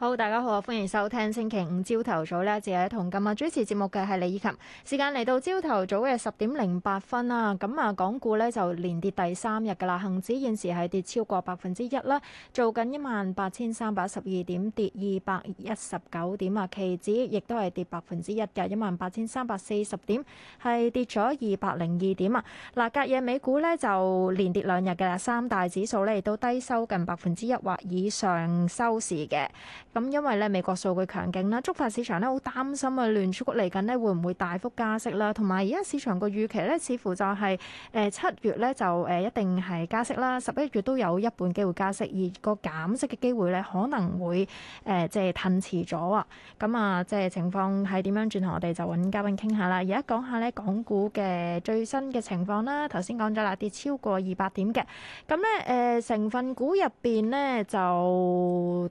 好，大家好啊！歡迎收聽星期五朝頭早呢，自己同今日主持節目嘅係李以琴。時間嚟到朝頭早嘅十點零八分啦。咁啊，港股呢就連跌第三日嘅啦，恒指現時係跌超過百分之一啦，做緊一萬八千三百十二點，跌二百一十九點啊。期指亦都係跌百分之一嘅，一萬八千三百四十點係跌咗二百零二點啊。嗱，隔夜美股呢就連跌兩日嘅啦，三大指數呢亦都低收近百分之一或以上收市嘅。咁因為咧美國數據強勁咧，觸發市場咧好擔心啊。聯儲局嚟緊咧會唔會大幅加息咧？同埋而家市場個預期咧，似乎就係誒七月咧就誒一定係加息啦，十一月都有一半機會加息，而個減息嘅機會咧可能會誒即係褪遲咗啊。咁、呃、啊，即係情況係點樣轉？轉頭我哋就揾嘉賓傾下啦。而家講下咧，港股嘅最新嘅情況啦。頭先講咗啦，跌超過二百點嘅咁咧誒成分股入邊咧就。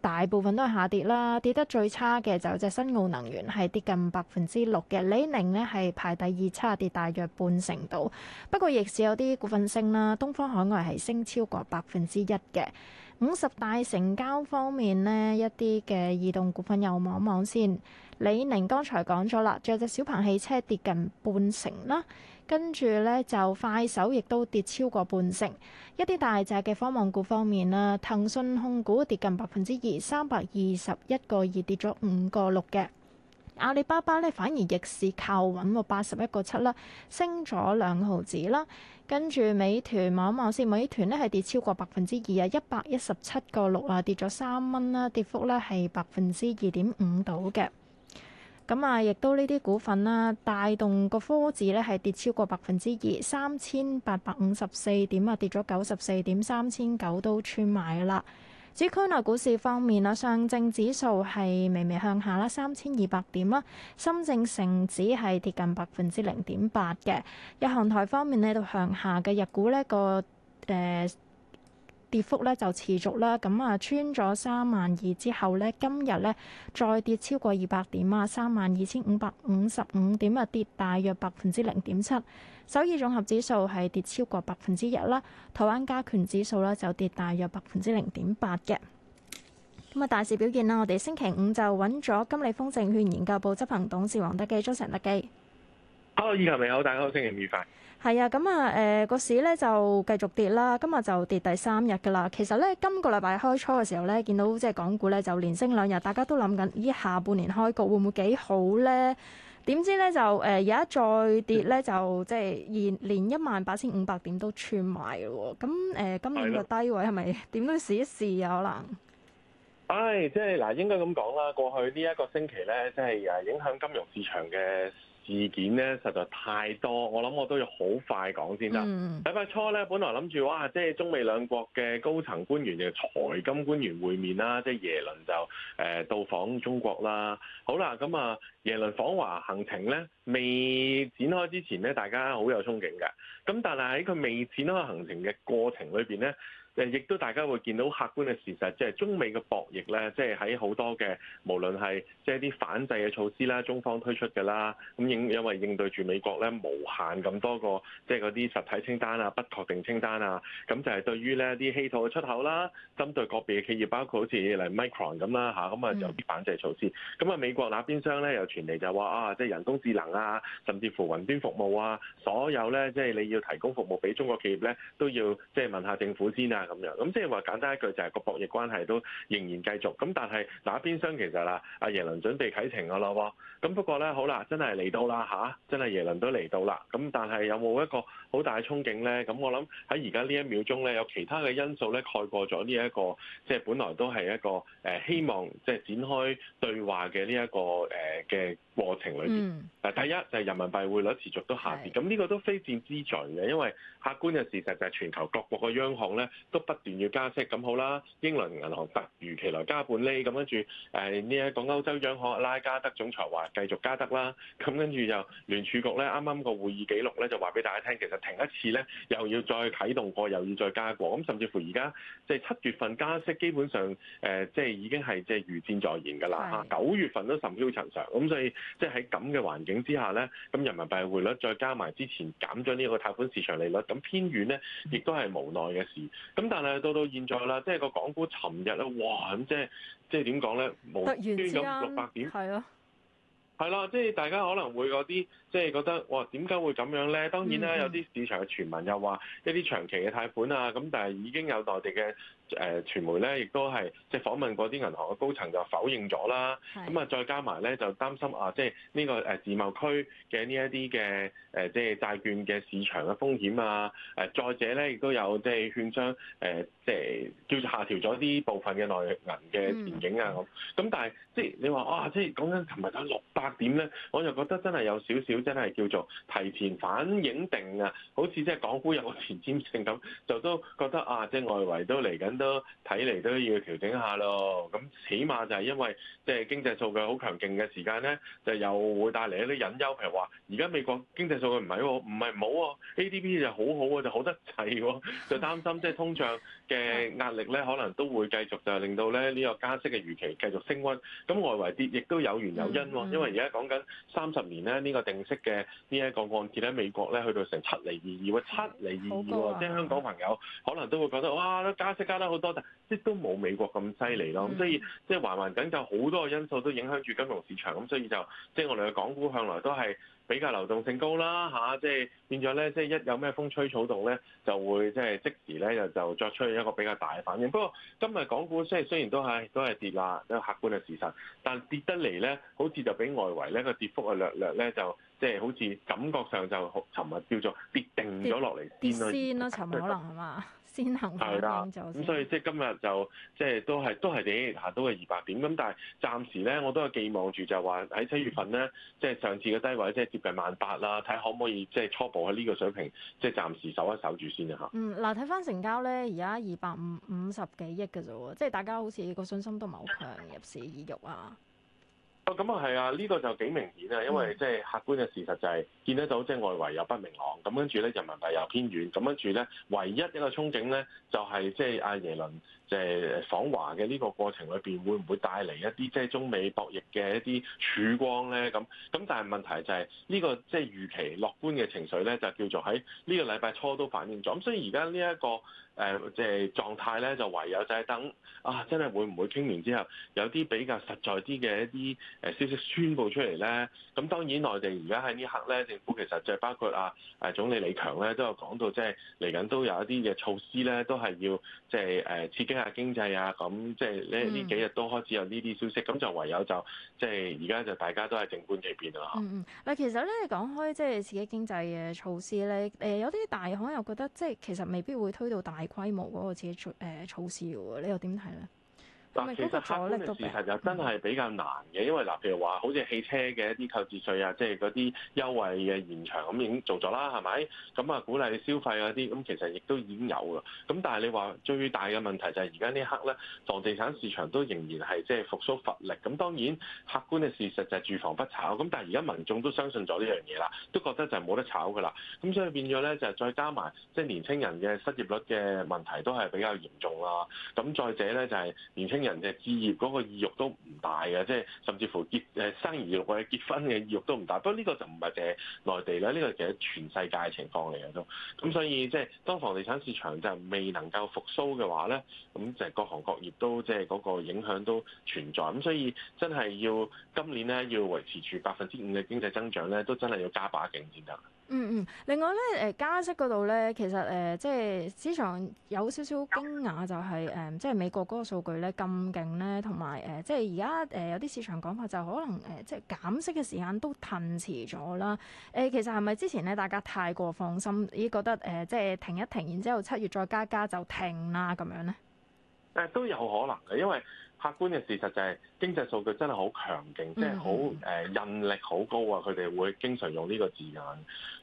大部分都係下跌啦，跌得最差嘅就有隻新奧能源係跌近百分之六嘅，李寧呢係排第二差，跌大約半成度。不過亦是有啲股份升啦，東方海外係升超過百分之一嘅。五十大成交方面呢一啲嘅異動股份又望望先。李寧剛才講咗啦，着隻小鵬汽車跌近半成啦，跟住呢，就快手亦都跌超過半成。一啲大隻嘅科網股方面咧，騰訊控股跌近百分之二，三百二十一個二跌咗五個六嘅。阿里巴巴呢，反而逆市靠穩喎，八十一個七啦，升咗兩毫子啦。跟住美團望一望先，美團咧係跌超過百分之二啊，一百一十七個六啊，跌咗三蚊啦，跌幅咧係百分之二點五到嘅。咁啊，亦都呢啲股份啦，帶動個科指咧係跌超過百分之二，三千八百五十四點啊，跌咗九十四點，三千九都穿埋啦。指區內股市方面啊，上證指數係微微向下啦，三千二百點啦，深證成指係跌近百分之零點八嘅。日韓台方面呢就向下嘅，日股呢個誒。呃跌幅咧就持續啦，咁啊穿咗三萬二之後咧，今日咧再跌超過二百點啊，三萬二千五百五十五點啊，跌大約百分之零點七。首爾綜合指數係跌超過百分之一啦，台灣加權指數咧就跌大約百分之零點八嘅。咁啊，大市表現啦，我哋星期五就揾咗金利豐證券研究部執行董事黃德幾、周成德幾。好，疫情良好，大家星期五愉快。係啊，咁啊，誒，個市咧就繼續跌啦，今日就跌第三日噶啦。其實咧，今個禮拜開初嘅時候咧，見到即係港股咧就連升兩日，大家都諗緊呢下半年開局會唔會幾好咧？點知咧就誒，而家再跌咧就即係連連一萬八千五百點都穿埋咯。咁誒，今年個低位係咪點都要試一試啊？可能，誒，即係嗱，應該咁講啦。過去呢一個星期咧，即係誒影響金融市場嘅。事件咧實在太多，我諗我都要好快講先啦。禮拜初咧，本來諗住哇，即係中美兩國嘅高層官員嘅財金官員會面啦，即係耶倫就誒到訪中國啦。好啦，咁啊，耶倫訪華行程咧未展開之前咧，大家好有憧憬嘅。咁但係喺佢未展開行程嘅過程裏邊咧。亦都大家會見到客觀嘅事實，即係中美嘅博弈咧，即係喺好多嘅，無論係即係啲反制嘅措施啦，中方推出嘅啦，咁應因為應對住美國咧無限咁多個，即係嗰啲實體清單啊、不確定清單啊，咁就係對於呢一啲稀土嘅出口啦，針對個別嘅企業，包括好似嚟 Micron 咁啦嚇，咁啊有啲反制措施，咁啊、嗯、美國那邊商咧又傳嚟就話啊，即係人工智能啊，甚至乎雲端服務啊，所有咧即係你要提供服務俾中國企業咧，都要即係問下政府先啊。咁樣，咁即係話簡單一句，就係、是、個博弈關係都仍然繼續。咁但係打邊廂其實啦，阿耶倫準備啟程嘅咯喎。咁不過咧，好啦，真係嚟到啦吓、啊，真係耶倫都嚟到啦。咁但係有冇一個好大嘅憧憬咧？咁我諗喺而家呢一秒鐘咧，有其他嘅因素咧蓋過咗呢一個，即、就、係、是、本來都係一個誒希望，即係展開對話嘅呢一個誒嘅過程裏邊。嗱，mm. 第一就係、是、人民幣匯率持續都下跌。咁呢的個都非戰之罪嘅，因為客觀嘅事實就係、是、全球各國嘅央行咧。都不斷要加息，咁好啦。英倫銀行突如其來加半厘，咁跟住誒呢一個歐洲央行拉加德總裁話繼續加得啦。咁跟住又聯儲局咧，啱啱個會議記錄咧就話俾大家聽，其實停一次咧又要再啟動過，又要再加過。咁甚至乎而家即係七月份加息，基本上誒即係已經係即係如箭在弦㗎啦。嚇、嗯，九月份都甚囂塵上。咁所以即係喺咁嘅環境之下咧，咁人民幣匯率再加埋之前減咗呢個貸款市場利率，咁偏遠咧亦都係無奈嘅事。咁但係到到現在啦，即係個港股尋日咧，哇！咁即係即係點講咧，無端端咁五六百點，係咯的，係啦，即係大家可能會嗰啲，即係覺得哇，點解會咁樣咧？當然啦，有啲市場嘅傳聞又話一啲長期嘅貸款啊，咁但係已經有內地嘅。誒傳媒咧，亦都係即係訪問嗰啲銀行嘅高層就否認咗啦。咁啊的，再加埋咧就擔心啊，即係呢個誒自貿區嘅呢一啲嘅誒即係債券嘅市場嘅風險啊。誒、啊、再者咧，亦都有即係券商誒即係叫做下調咗啲部分嘅內銀嘅前景啊。咁咁、嗯、但係即係你話啊，即係講緊尋日都六百點咧，我就覺得真係有少少真係叫做提前反映定啊，好似即係港股有個前瞻性咁，就都覺得啊，即、就、係、是、外圍都嚟緊。都睇嚟都要調整下咯，咁起碼就係因為即係經濟數據好強勁嘅時間咧，就又會帶嚟一啲隱憂。譬如話，而家美國經濟數據唔係喎，唔係唔好喎、啊，ADP 就好好、啊、喎，就好得滯喎、啊，就擔心即係通脹嘅壓力咧，可能都會繼續就係令到咧呢個加息嘅預期繼續升溫。咁外圍跌亦都有緣有因、啊，因為而家講緊三十年咧呢、呢個定息嘅呢一個案件喺美國咧去到成七厘二二喎，七厘二二，二二啊啊、即係香港朋友可能都會覺得哇，加息加得～好多，但係即係都冇美國咁犀利咯。咁、嗯、所以即係環環緊就好多因素都影響住金融市場。咁所以就即係我哋嘅港股向來都係比較流動性高啦，嚇、啊！即係變咗咧，即係一有咩風吹草動咧，就會即係即時咧就作出一個比較大嘅反應。不過今日港股雖然雖然都係都係跌啦，都係客觀嘅事實，但跌得嚟咧，好似就比外圍咧個跌幅係略略咧就。即係好似感覺上就尋日叫做跌定咗落嚟跌先咯，尋日可能係嘛，先行反應就咁，所以即係今日就即係都係都係點啊？都係二百點咁，但係暫時咧，我都係寄望住就話喺七月份咧，即係上次嘅低位即係接近萬八啦，睇可唔可以即係初步喺呢個水平即係暫時守一守住先啊？嗯，嗱睇翻成交咧，而家二百五五十幾億嘅啫喎，即係大家好似個信心都唔係好強， 入市意欲啊？咁啊係啊，呢個就幾明顯啊，因為即係客觀嘅事實就係見得到，即係外圍又不明朗，咁跟住咧，人民幣又偏軟，咁跟住咧唯一一個憧憬咧就係即係阿耶倫。 即係訪華嘅呢個過程裏邊，會唔會帶嚟一啲即係中美博弈嘅一啲曙光咧？咁咁，但係問題就係呢個即係預期樂觀嘅情緒咧，就叫做喺呢個禮拜初都反映咗。咁所以而家呢一個誒即係狀態咧，就唯有就係等啊，真係會唔會傾完之後有啲比較實在啲嘅一啲誒消息宣佈出嚟咧？咁當然內地而家喺呢刻咧，政府其實就包括啊誒總理李強咧，都有講到即係嚟緊都有一啲嘅措施咧，都係要即係誒刺激。啊，經濟啊，咁即係呢呢幾日都開始有呢啲消息，咁就、嗯、唯有就即係而家就大家都係靜觀其變啦。嗯嗯，嗱，其實咧你講開即係刺激經濟嘅措施咧，誒有啲大行又覺得即係其實未必會推到大規模嗰個刺激誒措、呃、措施喎，你又點睇咧？嗱，其實客觀嘅事實又真係比較難嘅，嗯、因為嗱，譬如話好似汽車嘅一啲購置稅啊，即係嗰啲優惠嘅延長咁已經做咗啦，係咪？咁、嗯、啊，鼓勵消費嗰啲，咁、嗯、其實亦都已經有啦。咁但係你話最大嘅問題就係而家呢刻咧，房地產市場都仍然係即係復甦乏力。咁當然客觀嘅事實就係住房不炒。咁但係而家民眾都相信咗呢樣嘢啦，都覺得就係冇得炒㗎啦。咁所以變咗咧，就係、是、再加埋即係年青人嘅失業率嘅問題都係比較嚴重啦。咁再者咧就係、是、年青。人嘅置業嗰個意欲都唔大嘅，即係甚至乎結誒生兒或者結婚嘅意欲都唔大。不過呢個就唔係淨係內地啦，呢個其實全世界嘅情況嚟嘅都。咁所以即係當房地產市場就未能夠復甦嘅話咧，咁就係各行各業都即係嗰個影響都存在。咁所以真係要今年咧要維持住百分之五嘅經濟增長咧，都真係要加把勁先得。嗯嗯，另外咧，誒加息嗰度咧，其實誒、呃、即係市場有少少驚訝，就係，就係誒即係美國嗰個數據咧咁勁咧，同埋誒即係而家誒有啲市場講法就可能誒、呃、即係減息嘅時間都褪遲咗啦。誒、呃、其實係咪之前咧大家太過放心，已經覺得誒、呃、即係停一停，然之後七月再加加就停啦咁樣咧？誒、呃、都有可能嘅，因為。客觀嘅事實就係經濟數據真係好強勁，即係好誒韌力好高啊！佢哋會經常用呢個字眼。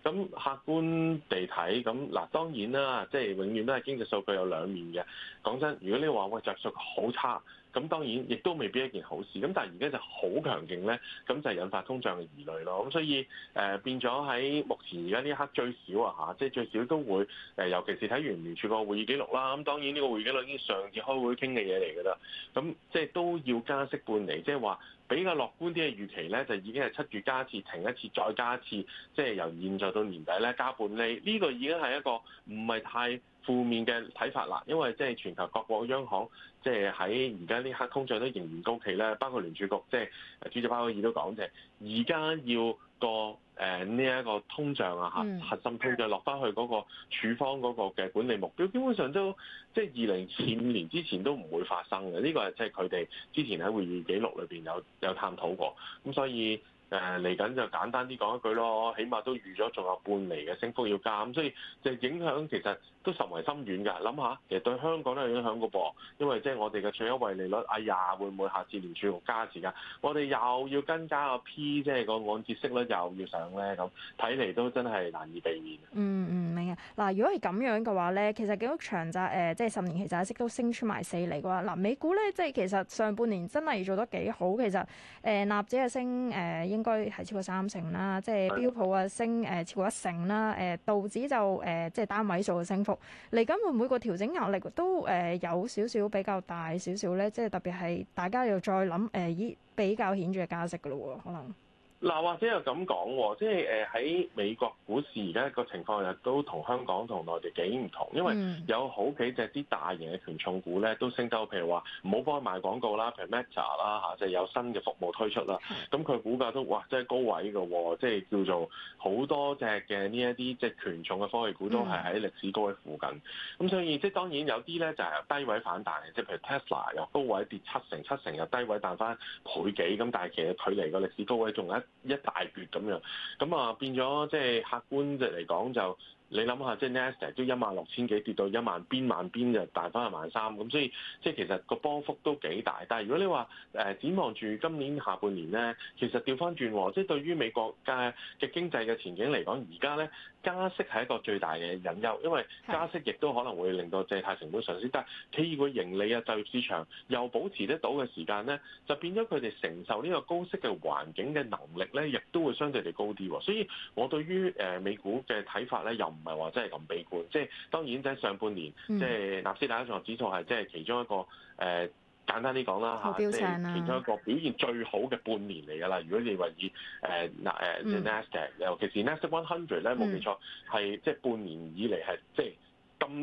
咁客觀地睇，咁嗱當然啦，即係永遠都係經濟數據有兩面嘅。講真，如果你話喂着數好差。咁當然亦都未必一件好事，咁但係而家就好強勁咧，咁就引發通脹嘅疑慮咯。咁所以誒、呃、變咗喺目前而家呢一刻最少啊嚇，即、就、係、是、最少都會誒、呃，尤其是睇完聯儲局會議記錄啦。咁、啊、當然呢個會議記錄已經上次開會傾嘅嘢嚟㗎啦。咁即係都要加息半厘，即係話。比較樂觀啲嘅預期咧，就已經係七月加一次，停一次，再加一次，即係由現在到年底咧加半釐。呢、這個已經係一個唔係太負面嘅睇法啦，因為即係全球各國央行，即係喺而家呢刻通脹都仍然高企咧，包括聯儲局即係主席鮑威爾都講，就係而家要。個誒呢一個通脹啊，嚇、核，核心通脹落翻去嗰個處方嗰個嘅管理目標，基本上都即係二零二五年之前都唔會發生嘅。呢、這個係即係佢哋之前喺會議記錄裏邊有有探討過，咁所以。誒嚟緊就簡單啲講一句咯，起碼都預咗仲有半厘嘅升幅要加，咁所以就影響其實都甚為深遠㗎。諗下其實對香港都有影響㗎噃，因為即係我哋嘅最優惠利率，哎呀會唔會下次聯儲局加時間，我哋又要跟加 P，個 P，即係個按揭息率又要上咧？咁睇嚟都真係難以避免。嗯嗯，明啊。嗱，如果係咁樣嘅話咧，其實幾幅長債誒，即係十年期債息都升出埋四厘嘅話，嗱、呃，美股咧即係其實上半年真係做得幾好，其實誒、呃、納指係升誒。呃應該係超過三成啦，即、就、係、是、標普啊升誒、呃、超過一成啦，誒、呃、道指就誒、呃、即係單位數嘅升幅嚟緊，會唔會個調整壓力都誒有少少比較大少少咧？即係特別係大家又再諗誒依比較顯著嘅價值嘅咯喎，可能。嗱，或者又咁講，即係誒喺美國股市而家個情況又都同香港同內地幾唔同，因為有好幾隻啲大型嘅權重股咧都升到，譬如話唔好幫佢賣廣告啦，譬如 Meta 啦嚇，即係有新嘅服務推出啦，咁佢股價都哇，即係高位嘅，即係叫做好多隻嘅呢一啲即係權重嘅科技股都係喺歷史高位附近，咁所以即係當然有啲咧就係低位反彈，即係譬如 Tesla 又高位跌七成七成，又低位彈返倍幾，咁但係其實距離個歷史高位仲有一一大橛咁樣咁啊，變咗即係客觀，即係嚟講就。你諗下，即係納指都一萬六千幾跌到一萬，邊萬邊就彈翻一萬三，咁所以即係其實個波幅都幾大。但係如果你話誒展望住今年下半年咧，其實調翻轉，即係對於美國嘅嘅經濟嘅前景嚟講，而家咧加息係一個最大嘅隱憂，因為加息亦都可能會令到借貸成本上升，但係企業嘅盈利啊、就業市場又保持得到嘅時間咧，就變咗佢哋承受呢個高息嘅環境嘅能力咧，亦都會相對地高啲。所以我對於誒美股嘅睇法咧，又～唔係話真係咁悲觀，即係 當然，即係上半年，即係納斯達克綜合指數係即係其中一個誒、呃、簡單啲講啦嚇，即係刁其中一個表現最好嘅半年嚟㗎啦。如果你話以誒、呃呃、納誒 the Nasdaq，尤其、呃、 是 Nasdaq One Hundred 咧，冇記錯係即係半年以嚟係最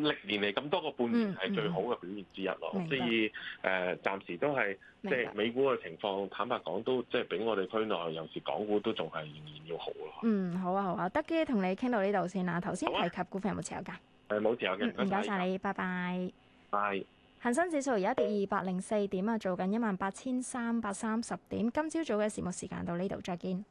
歷年嚟咁多個半年係最好嘅表現之一咯，嗯嗯、所以誒、嗯、暫時都係白即係美股嘅情況。坦白講，都即係比我哋區內尤其港股都仲係仍然要好咯。嗯，好啊，好啊，得嘅，同你傾到呢度先啦。頭先提及股份有冇持有㗎？誒冇、啊呃、持有嘅。唔該晒你，謝謝你拜拜。拜，拜。Bye 恆生指數而家跌二百零四點啊，做緊一萬八千三百三十點。今朝早嘅時務時間到呢度，再見。